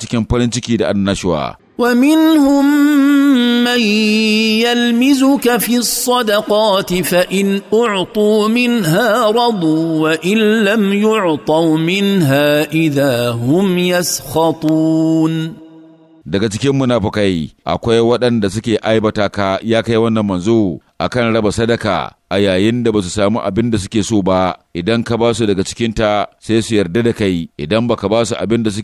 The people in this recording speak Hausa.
cikin farin ciki da annashuwa. ومنهم من يلمزك في الصدقات فإن أعطوا منها رضوا وإن لم يعطوا منها إذا هم يسخطون daga cikin munafukai akwai waɗanda suke aibata ka ya kai wannan manzo akan raba sadaka a yayin da ba su samu abin da suke so ba idan ka ba su daga cikinta sai su yarda da kai idan baka ba su abin da suke